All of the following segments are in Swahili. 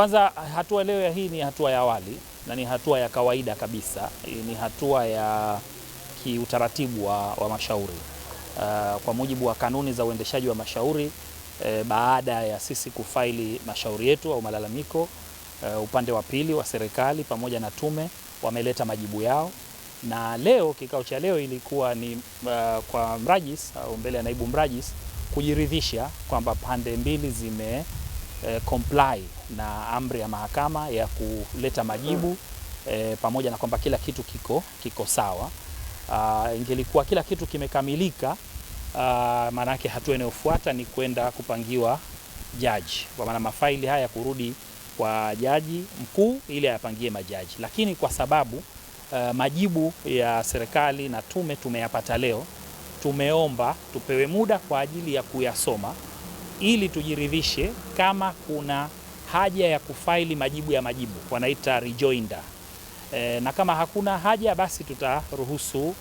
Kwanza hatua leo ya hii ni hatua ya awali na ni hatua ya kawaida kabisa, ni hatua ya kiutaratibu wa, wa mashauri uh, kwa mujibu wa kanuni za uendeshaji wa mashauri eh, baada ya sisi kufaili mashauri yetu au malalamiko uh, upande wa pili wa serikali pamoja na tume wameleta majibu yao, na leo kikao cha leo ilikuwa ni uh, kwa mrajis au mbele ya naibu mrajis kujiridhisha kwamba pande mbili zime eh, comply na amri ya mahakama ya kuleta majibu hmm. eh, pamoja na kwamba kila kitu kiko, kiko sawa. Uh, ingelikuwa kila kitu kimekamilika, uh, ah, maana yake hatua inayofuata ni kwenda kupangiwa jaji, kwa maana mafaili haya kurudi kwa jaji mkuu ili ayapangie majaji, lakini kwa sababu uh, majibu ya serikali na tume tumeyapata leo, tumeomba tupewe muda kwa ajili ya kuyasoma ili tujiridhishe kama kuna haja ya kufaili majibu ya majibu, wanaita rejoinder e, na kama hakuna haja basi tutaruhusu uh,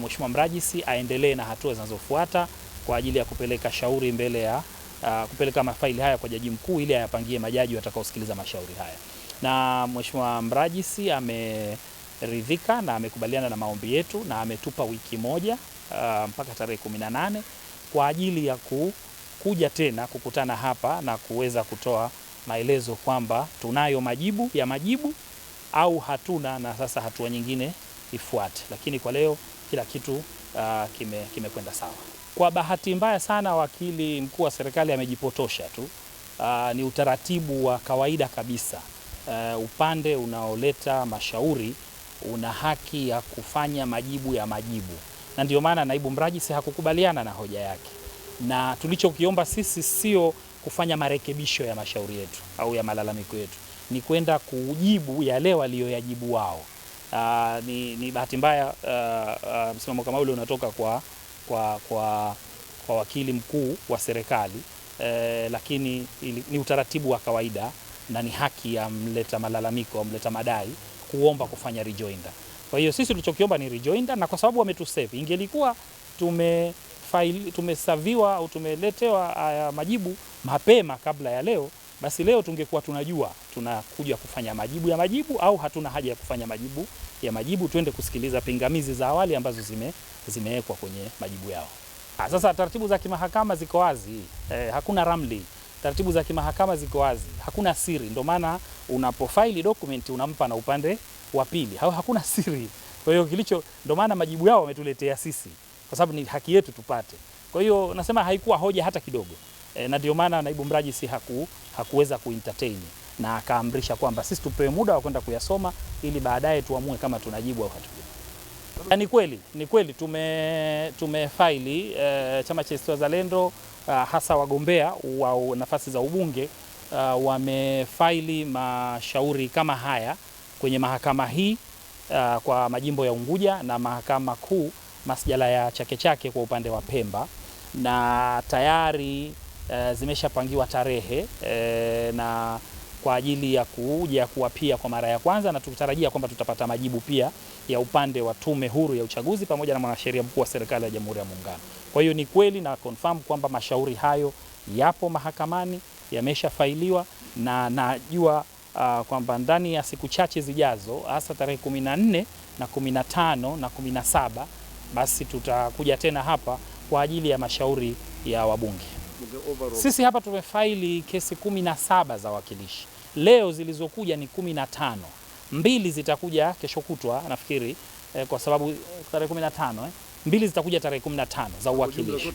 Mheshimiwa mrajisi aendelee na hatua zinazofuata kwa ajili ya kupeleka shauri mbele ya uh, kupeleka mafaili haya kwa jaji mkuu ili ayapangie majaji watakaosikiliza mashauri haya. Na Mheshimiwa mrajisi ameridhika na amekubaliana na maombi yetu na ametupa wiki moja uh, mpaka tarehe 18 kwa ajili ya ku kuja tena kukutana hapa na kuweza kutoa maelezo kwamba tunayo majibu ya majibu au hatuna, na sasa hatua nyingine ifuate. Lakini kwa leo kila kitu uh, kimekwenda sawa. Kwa bahati mbaya sana, wakili mkuu wa serikali amejipotosha tu. Uh, ni utaratibu wa kawaida kabisa. Uh, upande unaoleta mashauri una haki ya kufanya majibu ya majibu, na ndio maana naibu mrajisi hakukubaliana na hoja yake na tulichokiomba sisi sio kufanya marekebisho ya mashauri yetu au ya malalamiko yetu, ni kwenda kujibu yale waliyoyajibu wao. Uh, ni, ni bahati mbaya uh, ah, uh, ah, msimamo kama ule unatoka kwa, kwa, kwa, kwa wakili mkuu wa serikali eh, lakini ili, ni utaratibu wa kawaida na ni haki ya mleta malalamiko au mleta madai kuomba kufanya rejoinder. Kwa hiyo sisi tulichokiomba ni rejoinder, na kwa sababu wametusave, ingelikuwa tume tumefaili, tumesaviwa au tumeletewa haya eh, majibu mapema kabla ya leo, basi leo tungekuwa tunajua tunakuja kufanya majibu ya majibu au hatuna haja ya kufanya majibu ya majibu, twende kusikiliza pingamizi za awali ambazo zime zimewekwa kwenye majibu yao. Ha, ah, sasa taratibu za kimahakama ziko wazi eh, hakuna ramli. Taratibu za kimahakama ziko wazi, hakuna siri. Ndio maana unapofaili document unampa na upande wa pili, hakuna siri. Kwa hiyo kilicho, ndio maana majibu yao wametuletea sisi kwa sababu ni haki yetu tupate. Kwa hiyo nasema haikuwa hoja hata kidogo e, na ndio maana naibu mrajisi haku, hakuweza kuentertain na akaamrisha kwamba sisi tupewe muda wa kwenda kuyasoma ili baadaye tuamue kama tunajibu au hatujibu. Ni kweli ni kweli tume tumefaili e, eh, chama cha ACT Wazalendo ah, hasa wagombea wa nafasi za ubunge ah, wamefaili mashauri kama haya kwenye mahakama hii ah, kwa majimbo ya Unguja na mahakama kuu masjala ya Chake Chake kwa upande wa Pemba na tayari e, zimeshapangiwa tarehe e, na kwa ajili ya kuja kuwapia kwa mara ya kwanza, na tukitarajia kwamba tutapata majibu pia ya upande wa Tume Huru ya Uchaguzi pamoja na Mwanasheria Mkuu wa Serikali ya Jamhuri ya Muungano. Kwa hiyo ni kweli na confirm kwamba mashauri hayo yapo mahakamani, yameshafailiwa na najua uh, kwamba ndani ya siku chache zijazo hasa tarehe 14 na 15 na 17 basi tutakuja tena hapa kwa ajili ya mashauri ya wabunge. Sisi hapa tumefaili kesi kumi na saba za wakilishi leo, zilizokuja ni kumi na tano mbili zitakuja kesho kutwa nafikiri eh, kwa sababu eh, tarehe 15 eh, mbili zitakuja tarehe 15 za uwakilishi.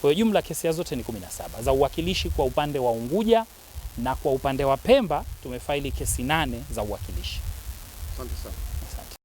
Kwa hiyo jumla kesi zote ni 17 za uwakilishi kwa upande wa Unguja, na kwa upande wa Pemba tumefaili kesi nane za uwakilishi. Asante sana.